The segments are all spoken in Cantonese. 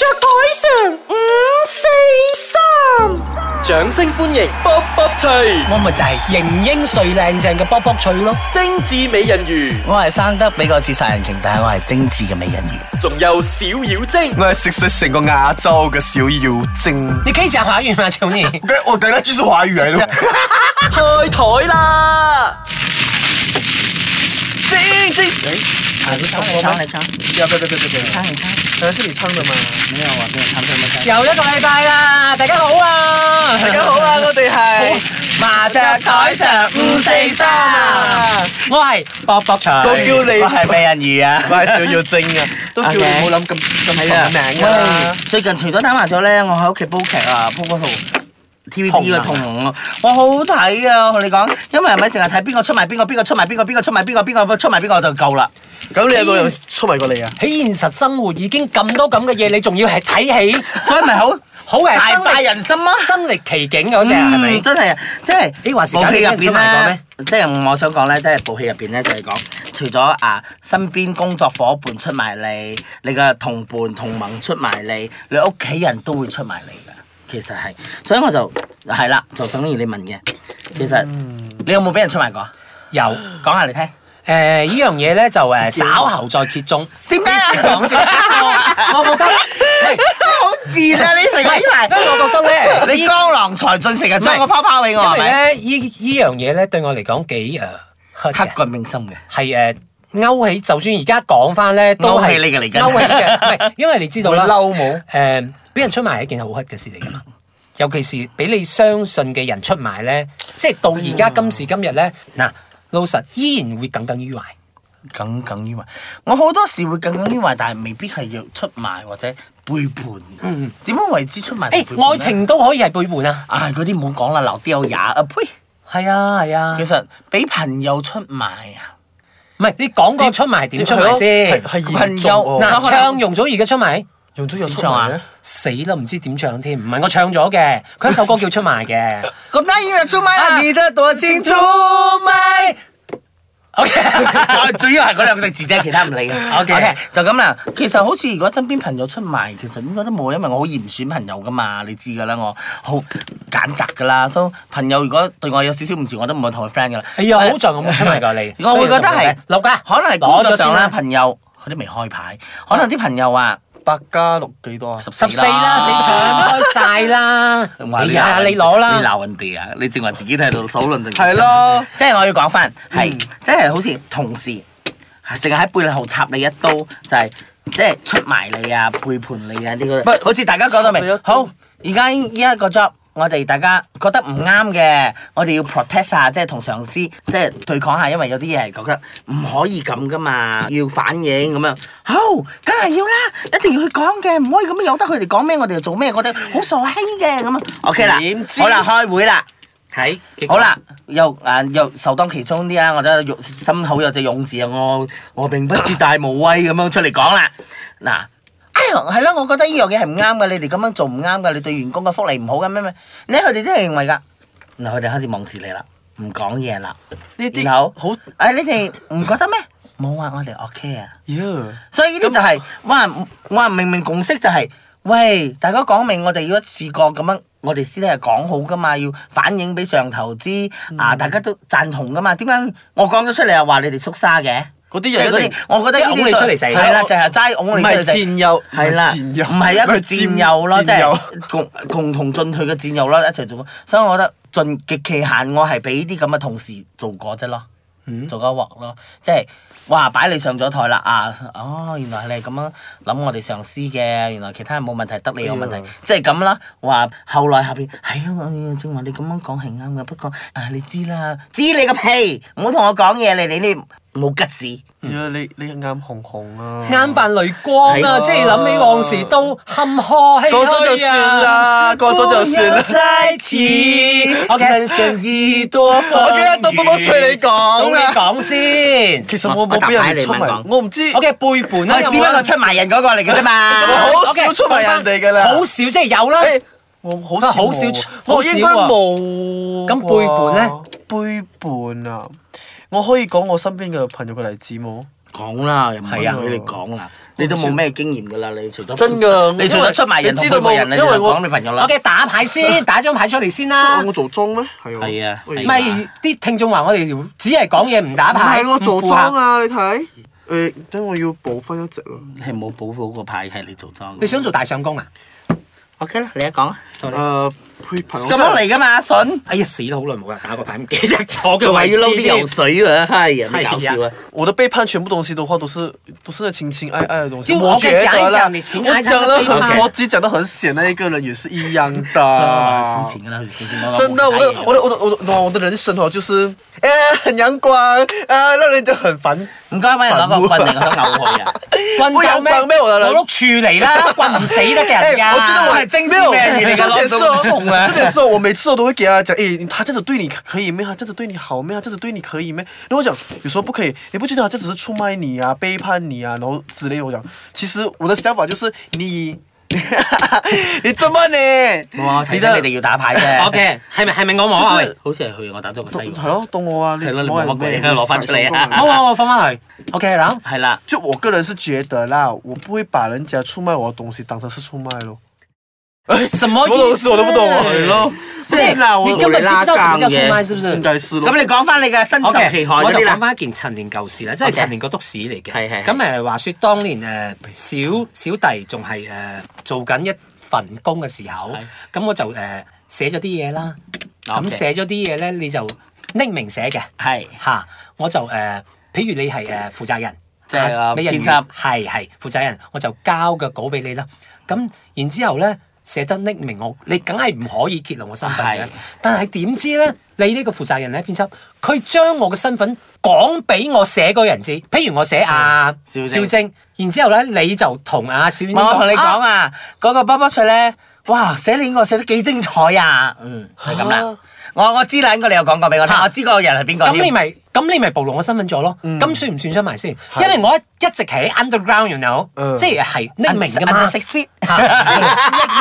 着台上，五四三，掌聲歡迎卜卜脆。啵啵啵我咪就係英英帥靚仔嘅卜卜脆咯，精致美人魚，我係生得比較似殺人鯨，但係我係精致嘅美人魚，仲有小妖精，我係食食成個亞洲嘅小妖精，你可以講華語嗎？少年我我我那句是華語嚟嘅，開台啦了，精精。欸嚟唱，嚟唱，要，要，要，要，要，嚟唱，嚟唱，就喺呢度唱噶嘛。咩啊？話齋唱咩？又一個禮拜啦，大家好啊，大家好啊，我哋係麻雀台上五四三啊，我係卜卜彩，我叫你係美人魚啊，我係小妖精啊，都叫你唔好諗咁咁長嘅名噶啦。最近除咗打麻雀咧，我喺屋企煲劇啊，煲嗰套。TVB 嘅同盟咯，我好睇啊！我同你講，因為咪成日睇邊個出賣邊個，邊個出賣邊個，邊個出賣邊個，邊個出賣邊個就夠啦。咁你有冇出賣過你啊？喺現實生活已經咁多咁嘅嘢，你仲要係睇戲，所以咪好好嘅大快人心啊！身歷其境嗰隻係咪？真係，即係誒話時講緊出賣過咩？即係我想講咧，即係部戲入邊咧，就係講除咗啊身邊工作夥伴出賣你，你嘅同伴同盟出賣你，你屋企人都會出賣你㗎。其實係，所以我就係啦，就等於你問嘅。其實你有冇俾人出賣過？有，講下你聽。誒呢樣嘢咧就誒稍後再揭盅。點解講笑？我我覺得，真係好賤啊！你成個牌，不過我覺得咧，你江郎才盡成日將個泡泡俾我係咪？呢呢樣嘢咧對我嚟講幾誒刻骨銘心嘅。係誒。勾起，就算而家講翻咧，都係勾起嘅。係，因為你知道啦，嬲冇誒，俾、呃、人出賣係一件好黑嘅事嚟噶嘛。尤其是俾你相信嘅人出賣咧， 即係到而家今時今日咧，嗱、嗯，老實依然會耿耿於懷。耿耿於懷，我好多時會耿耿於懷，但係未必係要出賣或者背叛嗯。嗯，點樣為之出賣呢？誒、欸，愛情都可以係背叛啊！啊，嗰啲唔好講啦，留啲有嘢。啊呸！係啊係啊，啊其實俾朋友出賣啊。唔係你講過出賣，點出賣先，係而家仲嗱，唱容祖兒嘅出賣，出容祖兒出賣咧，死啦，唔知點唱添。唔係我唱咗嘅，佢一首歌叫出賣嘅。咁哪兒出賣啊？記得多清楚埋。O K，主要係嗰兩個字啫，其他唔理嘅。O K，就咁啦。其實好似如果身邊朋友出賣，其實應該都冇，因為我好嚴選朋友噶嘛，你知噶啦，我好揀擇噶啦。所以朋友如果對我有少少唔滿，我都唔會同佢 friend 噶啦。哎呀，好像咁出賣過你，我會覺得係，留意可能係講咗上啦。朋友佢都未開牌，可能啲朋友話。八加六幾多啊？十四啦，死蠢，開曬啦！哎呀，你攞啦！你鬧人哋啊？你淨話自己喺度手輪定？係咯，即係我要講翻，係即係好似同事成日喺背後插你一刀，就係即係出埋你啊，背叛你啊呢嗰，不，好似大家講到明。好，而家依一個 job。我哋大家覺得唔啱嘅，我哋要 protest 下，即係同上司即係對抗下，因為有啲嘢係覺得唔可以咁噶嘛，要反映咁樣。好，梗係要啦，一定要去講嘅，唔可以咁樣由得佢哋講咩，我哋就做咩，我哋好傻閪嘅咁樣。OK 啦，好啦，開會啦。係。好啦，又啊又首當其衝啲啊，我覺得心口有隻勇字啊，我我並不是大無畏咁樣出嚟講啦。嗱。係咯，哎，我覺得呢樣嘢係唔啱噶，你哋咁樣做唔啱噶，你對員工嘅福利唔好噶咩咩？你睇佢哋真係認為噶。嗱，佢哋開始望住你啦，唔講嘢啦。呢啲好，誒，你哋唔覺得咩？冇話我哋 OK 啊。Yeah, 所以呢啲就係我話明明共識就係，是，喂，大家講明我哋要一次過咁樣，我哋先係講好噶嘛，要反映俾上頭知啊，大家都贊同噶嘛，點解我講咗出嚟又話你哋縮沙嘅？嗰啲人啲，我覺得我哋出嚟食，係啦，就係齋我哋，唔係戰友，係啦，唔係啊，戰友咯，即係共共同進退嘅戰友咯，一齊做，所以我覺得盡極期限，我係俾啲咁嘅同事做過啫咯，做一鑊咯，即係話擺你上咗台啦啊，哦，原來你咁樣諗我哋上司嘅，原來其他人冇問題，得你有問題，即係咁啦。話後來下邊，係啊，正話你咁樣講係啱嘅，不過啊，你知啦，知你個屁，唔好同我講嘢嚟你你啲。老吉士，呀你你眼紅紅啊，眼泛淚光啊，即係諗起往事都坎坷唏噓啊，過咗就算啦，過咗就算啦。我今日都冇冇催你講啊，講先。其實我冇俾人出賣，我唔知。我嘅背叛咧，只不過出賣人嗰個嚟嘅啫嘛。好少出賣人哋噶啦，好少即係有啦。我好少，我應該冇。咁背叛咧，背叛啊！我可以講我身邊嘅朋友嘅例子麼？講啦，係啊，你嚟講啦，你都冇咩經驗噶啦，你除咗真噶，你仲係出埋人，知道冇人，因為我我嘅打牌先，打張牌出嚟先啦。我做莊咩？係啊。唔係啲聽眾話我哋只係講嘢唔打牌。係我做莊啊！你睇，誒，等我要補翻一隻咯。你冇補補個牌係你做莊。你想做大相公啊？OK 啦，你嚟講啦。咁嚟㗎嘛，啊、順哎、 啊？哎呀，死咗好耐冇啦，打個牌唔記得仲要撈啲油水啊！係啊，幾搞笑啊！我的背叛全部東西都係都是都是啲情情愛愛嘅東西。就我只講到很險 Okay.，那一個人也是一樣的。 真的，我的我的我的我的我的人生哦，就是呀、欸，很陽光啊，讓人家很煩。唔該，我又攞個棍嚟，佢咬我有棍棍咩？我有碌柱理啦，棍唔死得嘅人家。我知道我係整咩嘢嚟嘅，攞唔同啊！這點我每次我都會俾佢啊講，誒，佢這次對你可以咩？佢這次對你好咩？啊，這次對你可以咩？然後我講，你說不可以，你唔覺得啊？這只是出賣你啊，背叛你啊，然後之類。我講，其實我的想法就是你。 你做乜你，我提醒你哋要打牌嘅。O K，係咪係咪我冇啊、就是？好似係去我打咗個西。係咯，到我啊！係咯，你摸我咩？攞翻出嚟啊！好，好我翻翻嚟。O、okay, K，然後係啦。就我個人是覺得啦，我不會把人家出賣我嘅東西當成是出賣咯。誒，什麼意思？ 我都不懂、啊。即係啦，你今日接收新嘢，面對衰老。咁你講翻你嘅新嘅，我就講翻一件陳年舊事啦，即係陳年個督屎嚟嘅。係係。咁誒話説當年誒小小弟仲係誒做緊一份工嘅時候，咁我就誒寫咗啲嘢啦。咁寫咗啲嘢咧，你就匿名寫嘅？係嚇，我就誒，譬如你係誒負責人，即係美人魚，係係負責人，我就交個稿俾你啦。咁然之後咧。寫得匿名我，你梗係唔可以揭露我身份是的，但係點知呢？你呢個負責人呢，編輯，佢將我嘅身份講俾我寫嗰個人知。譬如我寫阿笑星，然之後呢，你就同阿笑星，我同你講啊，嗰、啊啊、個 Bobo 翠咧，哇！寫呢個寫得幾精彩啊。」嗯，係咁啦。我我知啦，應該你有講過俾我聽。啊、我知嗰個人係邊個。咁你咪暴露我身份咗咯？咁算唔算出埋先？因為我一一直喺 underground，you know，即係匿名噶嘛，即 i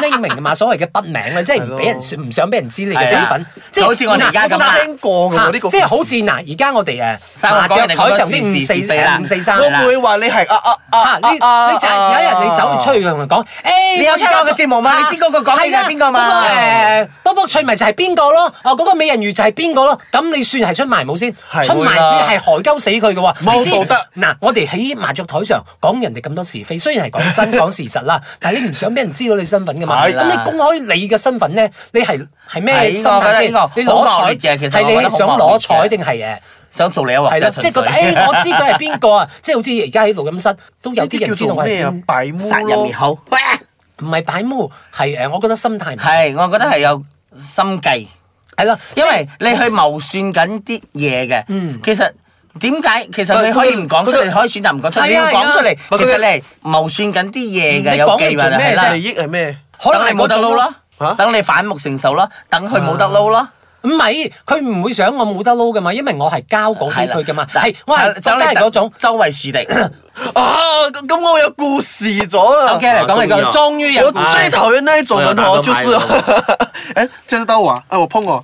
匿名噶嘛，所謂嘅筆名即係唔俾人唔想俾人知你嘅身份，即係好似我哋而家咁嘅即係好似嗱，而家我哋啊，台上啲五四四啦，五四三啦，我唔會話你係啊啊啊，你你就有一日你走出去同佢講，誒，你有聽我嘅節目嘛？你知嗰個講係邊個嘛？嗰個誒波波就係邊個咯？哦，嗰個美人魚就係邊個咯？咁你算係出埋冇先？唔係，你係害鳩死佢嘅喎，你知唔知？嗱，我哋喺麻雀台上講人哋咁多是非，雖然係講真講事實啦，但係你唔想俾人知道你身份嘅嘛？咁你公開你嘅身份咧，你係係咩心態先？你攞彩嘅，其實係你想攞彩定係誒？想做你嘅話，係啦，即係個誒，我知佢係邊個啊？即係好似而家喺錄音室都有啲人知道我係啊？擺烏殺人滅口？喂！唔係擺烏，係誒，我覺得心態係，我覺得係有心計。係咯，因為你去謀算緊啲嘢嘅，其實點解？其實你可以唔講出嚟，可以選擇唔講出嚟。要講出嚟，其實你謀算緊啲嘢嘅，有計劃啦。啦，利益係咩？可能係冇得撈啦，吓？等你反目成仇啦，等佢冇得撈啦。唔係，佢唔會想我冇得撈噶嘛，因為我係交稿俾佢噶嘛，係我係伏低嗰種周圍樹敵。啊，咁我有故事咗啦。O K，咁你，終於有。我最討厭那一種人咯，就是。誒，借得到啊？誒，我碰我。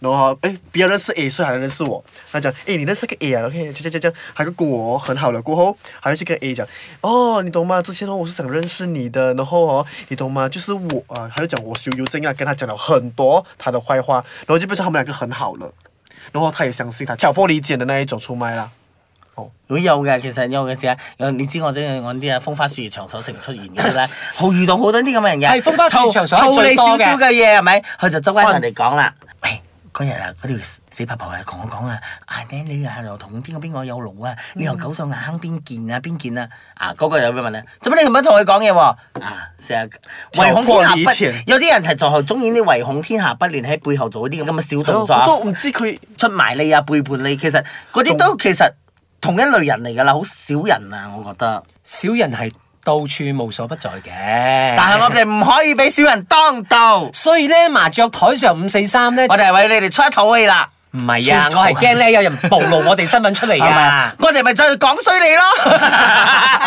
然後誒、欸，比較認識 A，所以係認識我。佢講誒，你認識個 A 啊？OK，將將將將，佢個果很好啦。過後，佢又去跟 A 講：哦，你懂嗎？之前呢，我是想認識你的。然後哦，你懂嗎？就是我啊。佢就講我係又又這跟他講了很多他的壞話。然後就變成佢哋兩個很好了。然後他也相信，挑他，也相信他挑撥離間的那一種出賣啦。哦，如果有嘅，其實有嘅時候，你知我即係我啲啊風花雪月場所成出現嘅啦。好 遇到好多啲咁嘅人嘅。係風花雪月場所少少嘅嘢係咪？佢、啊、就周街同你講啦。嗰日啊，嗰條死八婆啊，同我講啊，你又女啊，同邊個邊個有路啊？你又九上硬坑邊件啊？邊件啊？啊，嗰、啊、個,個有咩問咧？做乜你咁樣同佢講嘢喎？啊，成日唯恐天下不有啲人係就係中意啲唯恐天下不亂，喺背後做啲咁嘅小動作。嗯、我都唔知佢出埋你啊，背叛你。其實嗰啲都其實同一類人嚟㗎啦，好少人啊，我覺得。小人係。到處無所不在嘅，但係我哋唔可以俾小人當道，所以咧，麻雀台上五四三咧，3, 我哋係為你哋出一口氣啦。唔係啊，我係驚咧有人暴露我哋身份出嚟噶，吧我哋咪就係講衰你咯。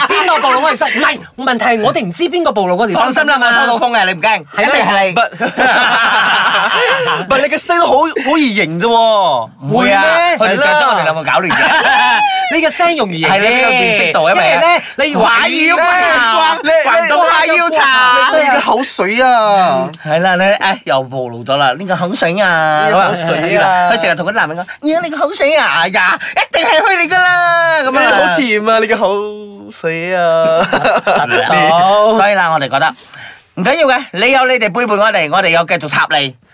邊 個暴露我哋身？唔係， 問題係我哋唔知邊個暴露我哋。放心啦，嘛，收到風嘅，你唔驚。一定係你。But 唔係你嘅聲好好易型啫，會咩？佢想將我哋兩個搞亂。你嘅聲容易型嘅，變色度係咪咧？你懷疑咩？你到下要查你嘅口水啊！係啦，你誒又暴露咗啦，呢個口水啊，呢個口水啦，佢成日同嗰啲男人講，嘢，你個口水啊，呀一定係開你噶啦，咁樣，好甜啊，你嘅口水啊，查得到。所以啦，我哋覺得唔緊要嘅，你有你哋背叛我哋，我哋又繼續插你。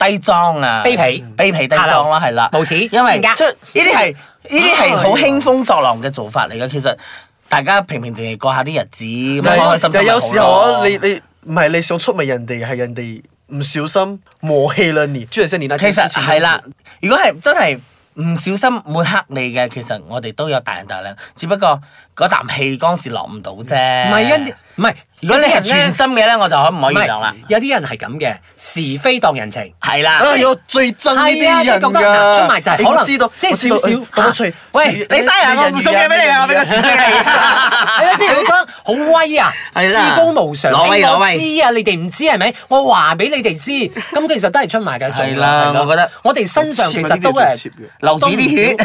低裝啊，卑鄙卑鄙低裝啦、啊，係啦、啊，了無恥，因為出呢啲係呢啲係好興風作浪嘅做法嚟嘅。啊、其實大家平平靜靜過下啲日子，唔好有心，心但有時候你你唔係你，你想出賣人哋，係人哋唔小心磨氣啦年，朱麗莎年啊。其實係啦，如果係真係唔小心抹黑你嘅，其實我哋都有大人大量，只不過。嗰啖氣嗰時落唔到啫，唔係啊！唔係，如果你係全心嘅咧，我就可唔可以原諒啦？有啲人係咁嘅，是非當人情，係啦。最真最憎呢啲人得出賣仔，可能知道即係少少咁樣。喂，你嘥人，我唔送嘢俾你啊！我俾個紙巾你啊！即係佢講好威啊！至高無上。你我知啊，你哋唔知係咪？我話俾你哋知，咁其實都係出賣嘅。最啦，我覺得我哋身上其實都係漏錢啲錢。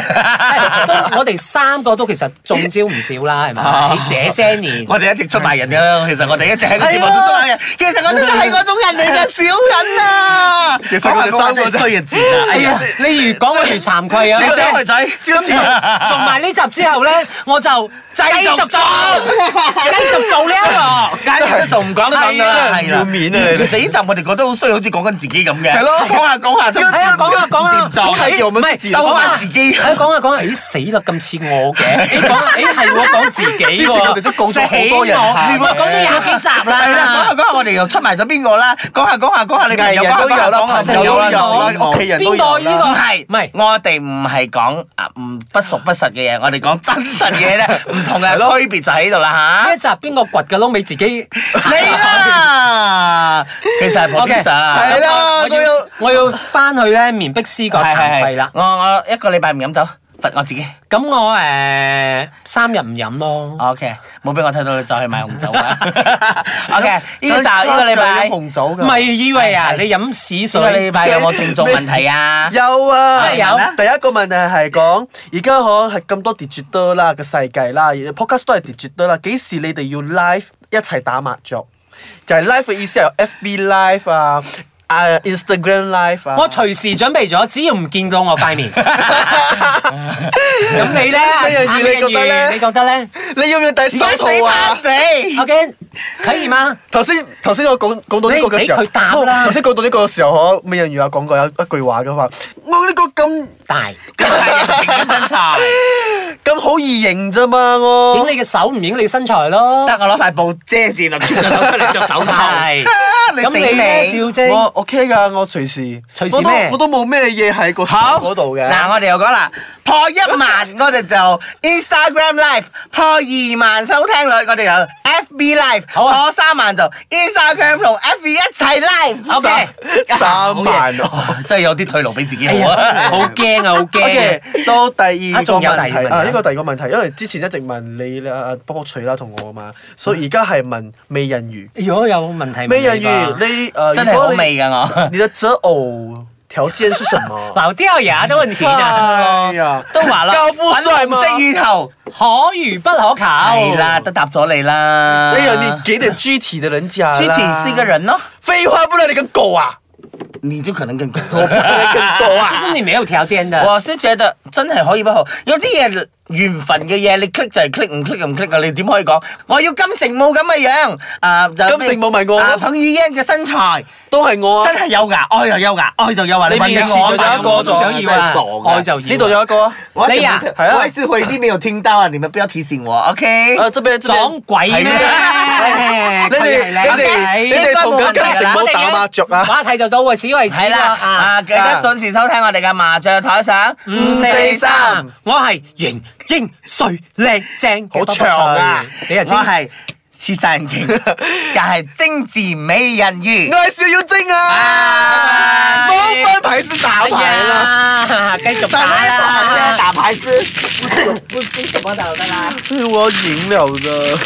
我哋三個都其實中招唔少。啦，係嘛？你這些年，我哋一直出賣人噶，其實我哋一直喺個節目出賣人。其實我哋就係嗰種人嚟嘅小人啊！其實我哋三個都係弱智啊！哎呀，你越講我越慚愧啊！仔仔仔仔，做埋呢集之後咧，我就繼續做，繼續做呢一個，繼續做唔講都得啦，係啦，要面啊！死集我哋覺得好衰，好似講緊自己咁嘅。係咯，講下講下就係啊，講下講下就係，唔係講下自己。講下講下，哎死啦，咁似我嘅。你講，哎係我。之前自己我哋都講咗好多人，係講咗廿幾集啦？講下講下，我哋又出埋咗邊個啦？講下講下講下，你梗係有都有啦，有啦，有啦，屋企人都有啦。唔係唔係，我哋唔係講啊唔不熟不實嘅嘢，我哋講真實嘅嘢咧。唔同嘅區別就喺度啦嚇。一集邊個掘嘅窿俾自己？你啦，其實係我其實係啦。我要我要翻去咧，面壁思過，慚愧啦。我我一個禮拜唔飲酒。罰我自己。咁我誒三日唔飲咯。O K，冇俾我睇到你就去買紅酒啦。O K，呢集呢個禮拜飲紅酒㗎。唔係以為啊，你飲屎水。呢個禮拜有冇定做問題啊？有啊。即係有。第一個問題係講而家可係咁多 digital 啦嘅世界啦，podcast 都係 digital 啦。幾時你哋要 live 一齊打麻雀？就係 live 嘅意思係 FB live 啊。啊，Instagram Live，我隨時準備咗，只要唔見到我塊面。咁你咧？美人魚你覺得咧？你要唔要第三套啊？死！OK，可以嗎？頭先頭先我講講到呢個嘅時候，頭先講到呢個嘅時候，我美人魚有講過有一句話嘅話，我呢個咁大，身材咁好易型咋嘛？影你嘅手唔影你身材咯。得我攞塊布遮住，就穿咗出嚟着手套。咁你我我 OK 噶，我隨時隨時咩？我都冇咩嘢喺個嗰度嘅。嗱，我哋又講啦，破一萬我哋就 Instagram Live，破二萬收聽率我哋就 FB Live，破三萬就 Instagram 同 FB 一齊 Live。好嘅，三萬真係有啲退路俾自己。好驚啊！好驚。OK，到第二個問題啊，呢個第二個問題，因為之前一直問你阿阿波翠啦同我啊嘛，所以而家係問美人魚。如果有問題，美人魚。勒呃，有貌美啊！你，哦、你的擇偶條件是什麼？ 老掉牙的問題啊，都話啦，高富帥嘛，以後可遇不可求。哎呀，都答咗你啦！哎呀，你給點具體的人家，具體是一個人咯。廢話不了，你個狗啊！你就可能跟狗多，就是你沒有條件的。 我是覺得真的可以不好？好有啲嘢。緣分嘅嘢，你 click 就係 click，唔 click 就唔 click 噶。你點可以講？我要金城武咁嘅樣，啊，金城武咪我，啊彭于晏嘅身材都係我，真係有噶，愛就有噶，愛就有啊。你邊個？我仲想要啊，傻。呢度有一個啊，你啊，係啊，我喺智慧呢邊又聽到啊，點啊，不要提示我，OK。啊，這邊，撞鬼咩？你哋你哋你哋同金城武打麻雀啊？我一睇就到此為止。係啦，啊，記得準時收聽我哋嘅麻雀台上，五、四、三，我係贏。英帥靚正，好長啊！你又知係時尚型，但係 精緻美人魚。我係小妖精啊！冇分牌先打牌啦！繼續打牌，啊啊續啊，打牌先我不不怎麼斗的啦！我，我 就要贏了的。